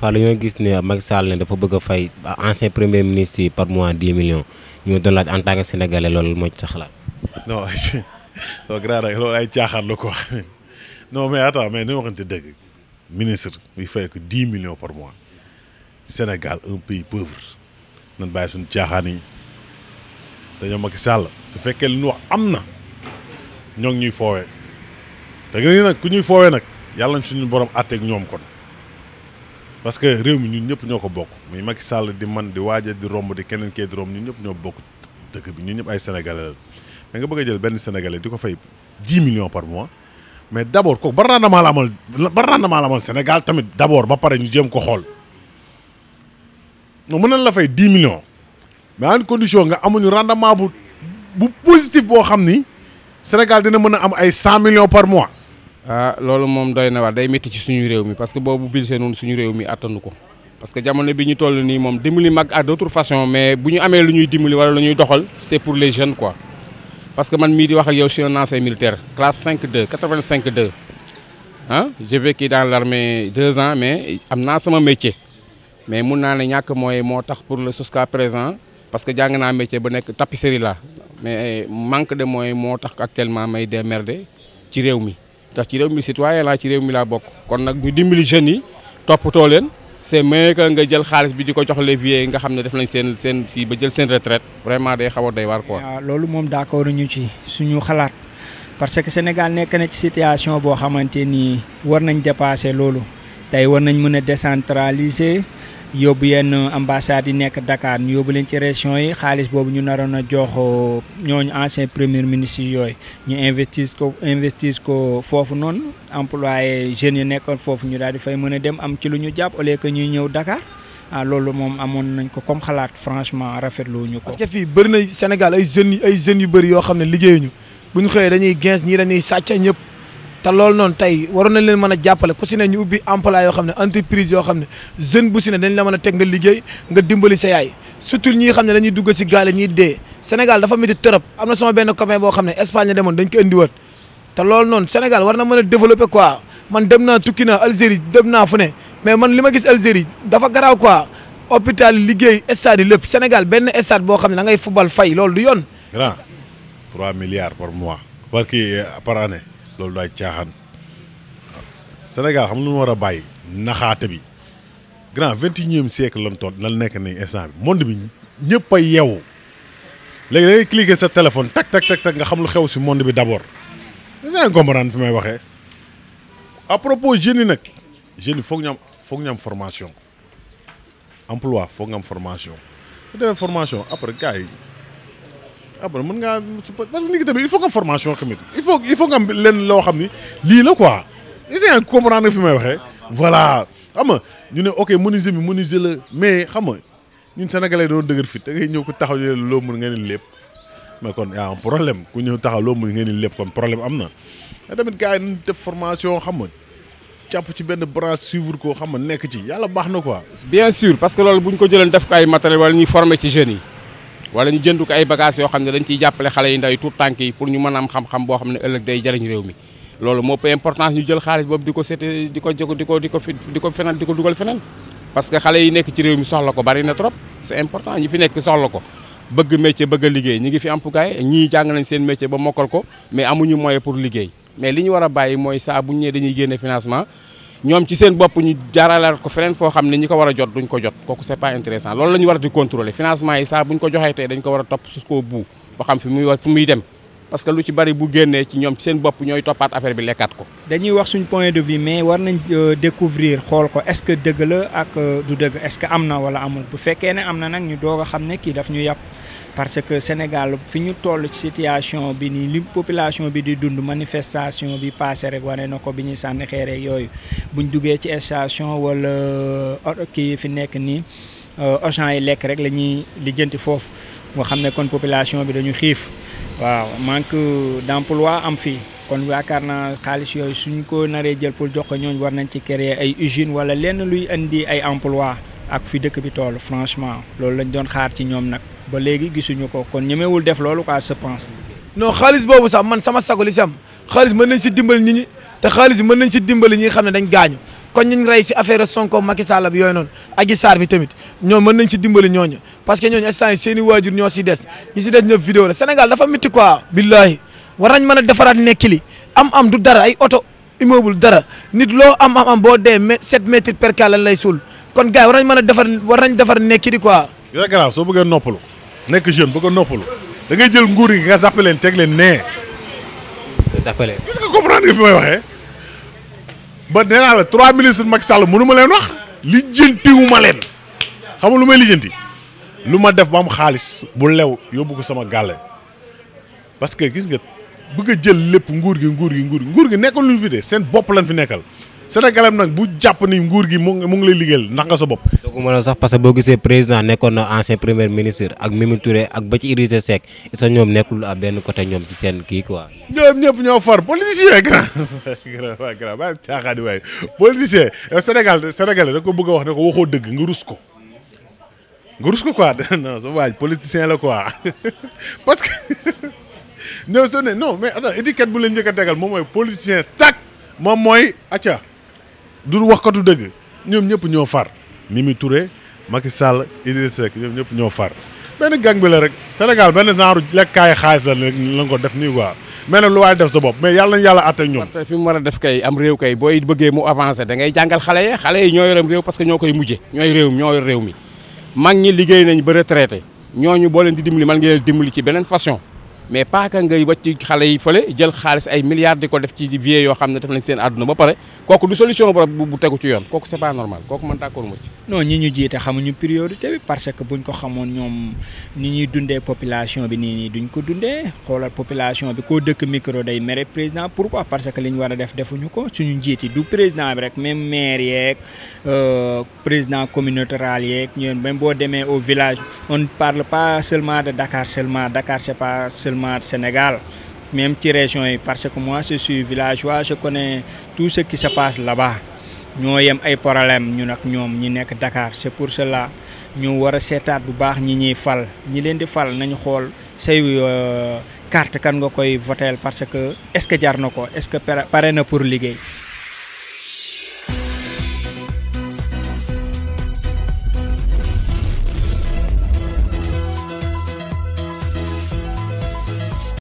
fois ñoo gis ne Macky Sall ne dafa bëgg a fay ancien premier ministre yi par mois dix millions ñu doon laaj en tant que sénégalais loolu moo ci xalaat. non la ko wax non mais attends mais ni dëgg ministre bi fay ko dix millions par mois Sénégal un pays pauvre nan bàyyi suñu caaxaan yi dañoo Macky Sall su fekkee li ñu wax am na ñoo ngi ñuy foowee te nag ku ñuy foowee nag yàlla suñu borom àtteeg ñoom kon. parce que réew mi ñu ñëpp ñoo ko bokk muy Macky Sall di man di waaja di romb di keneen kee di romb ñun ñëpp ñoo bokk dëkk bi ñu ñëpp ay sénégalais la da nga bëgg a jël benn sénégalais di ko fay 10 millions par mois mais d' abord kooku bar naa la amal bar naa damaa la amal Sénégal tamit d' ba pare ñu jéem ko xool mën nañ la fay 10 millions mais en condition nga amuñu rendement bu bu positif boo xam ni Sénégal dina mën a am ay 100 millions par mois. ah loolu moom doy na waar day métti ci suñu réew mi parce que boobu budget noonu suñu réew mi attanu ko parce que jamono bi ñu toll nii moom dimbali mag à d'autres façons mais bu ñu amee lu ñuy dimbali wala lu ñuy doxal c'est pour les jeunes quoi parce que man mii di wax ak yow je suis un ancien militaire classe 5-2 85-2 ah j'ai vécu dans l'armée deux ans mais am naa sama métier mais mun naa ne ñàkk mooy moo tax pour le jusqu'à présent parce que jàng naa métier ba nekk tapisserie la mais manque de moyens moo tax actuellement may démerder ci réew mi ndax ci réew mi citoyen laa ci réew laa bokk kon nag ñu dimbali jeune yi toppatoo leen c'est mieux nga jël xaalis bi di ko jox les vieux nga xam ne def nañ seen seen si ba jël seen retrait vraiment day xaw a day war quoi. loolu moom d'accord ñu ci suñu xalaat parce que Sénégal nekk na ci situation boo xamante nii war nañ dépasser loolu tey war nañ mën a décentraliser. yóbbu yenn ambassade yi nekk Dakar ñu yóbbu leen ci régions yi xaalis boobu ñu naroon a jox euh, ñooñu ancien premier ministre yooyu ñu investis ko investis ko foofu noonu employé jeunes yi nekkoon foofu ñu daal di fay mën a dem am ci lu ñu jàpp au lieu que ñuy ñëw Dakar ah, loolu moom amoon nañ ko comme xalaat franchement rafetlu ñu ko. parce que fii bëri na Sénégal ay jeunes ay jeunes yu bëri yoo xam ne liggéeyuñu bu ñu xëyee dañuy gens ñii dañuy sàcc ñëpp. te loolu noonu tey waroon na leen mën a jàppale ku si ne ñu ubbi emploi yoo xam ne entreprise yoo xam ne jeune bu si ne dañ la mën a teg nga liggéey nga dimbali sa yaay surtout ñi nga xam ne dañuy dugg si gaale ñuy dee Sénégal dafa métti trop am na sama benn copain boo xam ne Espagne demoon dañ ko indiwaat te loolu noonu Sénégal war na mën a développer quoi man dem naa tukki naa Algérie dem naa fu ne mais man li ma gis Algérie dafa garaaw quoi hôpital liggéey stade yi lépp Sénégal benn stade boo xam ne da ngay football fay loolu du yoon. grand 3 milliards par kii par loolu daay caaxaan waaw Sénégal xam lu mu war a bàyyi naxaate bi grand vingt et unième siècle lan toon lan nekk ni instant bi monde bi ñëpp a yeewu léegi da ngay sa téléphone tak tak tak tak nga xam lu xew si monde bi d'abord c'est comprendre fi may waxee à propos yi nag jeunes foog ñu foog ñu am formation emploi foog nga am formation bu defee formation après gars après ah mën ngaa parce que nit ki tamit il faut nga formation tamit il faut nga am loo xam ni lii la quoi essayer nga comprendre nga fi may waxee voilà xam ñu ne ok menuisier bi menuisier la mais xam nga ñun sénégalais doon dëgër fit da ngay ñëw ko taxaw ñu loo mën nga ni lépp mais kon y a un problème ku ñëw taxaw loo mën nga ni lépp kon problème am na te tamit gars yi def formation xam nga càpp ci benn branche suivre ko xam nekk ci yàlla baax na quoi. bien sûr parce ko jëlee def ko ay matériel wala ñuy ci jeunes yi. wala ñu jënd ko ay bagages yoo xam ne dañ ciy jàppale xale yi ndaw yi tout tànk yi pour ñu mën am xam-xam boo xam ne ëllëg day jariñ réew mi loolu moo ëpp importance ñu jël xaalis boobu di ko seete ko ko di ko di ko feneen di ko dugal feneen parce que xale yi nekk ci réew mi soxla ko bari na trop c'est important ñi fi nekk soxla ko bëgg métier bëgg a liggéey ñi ngi fi am pukaay ñii jàng nañ seen métier ba mokkal ko mais amuñu moyen pour liggéey mais li ñu war a bàyyi mooy saa bu ñu nee dañuy génne financement ñoom ci seen bopp ñu jaaralal ko feneen foo xam ne ñu ko war a jot duñ ko jot kooku c'est pas intéressant loolu la ñu war di contrôler financement yi saa buñ ko joxee tey dañ ko war a topp su ko bu ba xam fi muy dem parce que lu ci bari bu génnee ci ñoom seen bopp ñooy toppaat affaire bi lekkaat ko. dañuy wax suñ point de vue mais war nañ euh, découvrir xool ko est-ce que dëgg la ak euh, du dëgg est-ce que am na walla amul bu fekkee ne am na nag ñu doog xam ne kii daf ñu yàpp parce que Sénégal fi ñu toll ci situation bi nii li population bi di dund manifestation bi passé rek wane na ko bi ñuy sànni xeer yooyu bu ñu duggee ci station wala euh, kii fi nekk nii Auchan yi lekk rek la ñuy foofu nga xam ne kon population bi dañu xiif. waaw manque d'emploi am fii kon yaakaar naa xaalis yooyu suñ ko naree jël pour jox ko ñooñu war nañ ci créer ay usines wala lenn luy indi ay emploi ak fi dëkk bi toolu franchement loolu lañ doon xaar ci ñoom nag ba léegi gisuñu ko kon ñemewul def loolu quoi je pense. no xaalis boobu sax man sama sago li si am xaalis mën nañ si dimbali nit ñi te xaalis mën nañ si dimbali ñi xam ne dañ gaañu. kon ñu rey si affaire Sonko Macky Sall bi yooyu noonu Adji saar bi tamit ñoom mën nañ si dimbali ñooñu parce que ñooñu instant yi seen i waajur ñoo si des ñi si des ñëpp vidéo la Sénégal dafa métti quoi. billahi war nañ mën a defaraat nekki li am am du dara ay oto immeuble dara nit loo am am am boo dee mais 7 mètres per cas lañ lay suul kon gars yi war nañ mën a defar war nañ defar nekki li quoi. yow garaaw soo bëggee noppalu nekk jeune bëgg a noppalu da ngay jël nguur yi nga zappé leen teg leen nee. zappé leen gis nga waxee. ba nee naa la trois ministres Macky Sall mënu ma leen wax lijjantiwu ma leen xam lu may lijjanti lu ma def ba am xaalis bu lew yóbbu ko sama gàlle parce que gis nga bëgg a jël lépp nguur gi nguur gi nguur gi nguur gi nekkul lu ñu fi de seen bopp lañ fi nekkal Sénégalam nag bu jàpp ni nguur gi mu mu ngi lay liggéeyal ndax nga sa bopp. doogu ma la sax parce que boo gisee président nekkoon na ancien premier ministre ak Mimi Touré ak ba ci Idrissa Seck ñoom nekkul à benn côté ñoom ci seen kii quoi. ñoom ñëpp ñoo far politicien grand grand grand waaye caaxaan waaye politicien Sénégal Sénégalais da ko bëgg a wax ne ko waxoo dëgg nga rus ko. nga rus ko quoi non sa waaj politicien la quoi parce que ñoom soo ne non mais attends étiquette bu leen njëkk a tegal moom mooy politicien tak moom mooy acca du waxkatu dëgg ñoom ñëpp ñoo far Mimi Touré Macky Sall Idrissa Seck ñoom ñëpp ñoo far benn gang bi la rek Sénégal benn genre lekkaayu xaalis la la ko def nii quoi mais nag lu waay def sa bopp mais yàlla nañu yàlla àtte ñoom. fi mu war a def kay am réew kay booy bëggee mu avancé da ngay jàngal xale yi xale yi ñoo yoram réew parce que ñoo koy mujje ñooy réew mi ñoo yor réew mi mag ñi liggéey nañ ba retraité ñooñu boo leen di dimbali man ngi leen dimbali ci beneen façon. mais paaka ngay wàcc xale yi fële jël xaalis ay milliards di ko def ci vie yoo xam ne def nañ seen àdduna ba pare kooku du solution bu bu tegu ci yoon kooku c'est pas normal kooku man d'accord ma si. ñi ñu jiite xamuñu priorité bi parce que buñ ko xamoon ñoom ni ñuy dundee population bi nii nii duñ ko dundee xoolal population bi ko dëkk micro day mere président pourquoi parce que li ñu war a def defuñu ko suñu njiiti du président bi rek même maire yeeg euh, président communauté rurale yeeg ñoom même boo demee au village on ne parle pas seulement de Dakar seulement Dakar également Sénégal, même ci région yi parce que moi je suis villageois je connais tout ce qui se passe là-bas ñoo yem ay problème ñu nag ñoom ñi nekk Dakar c'est pour cela ñu war a seetaat bu baax ñi ñuy fal ñi leen di fal nañu xool say euh, carte kan nga koy votel parce que est-ce que jar na ko est-ce que pare na pour liggéey.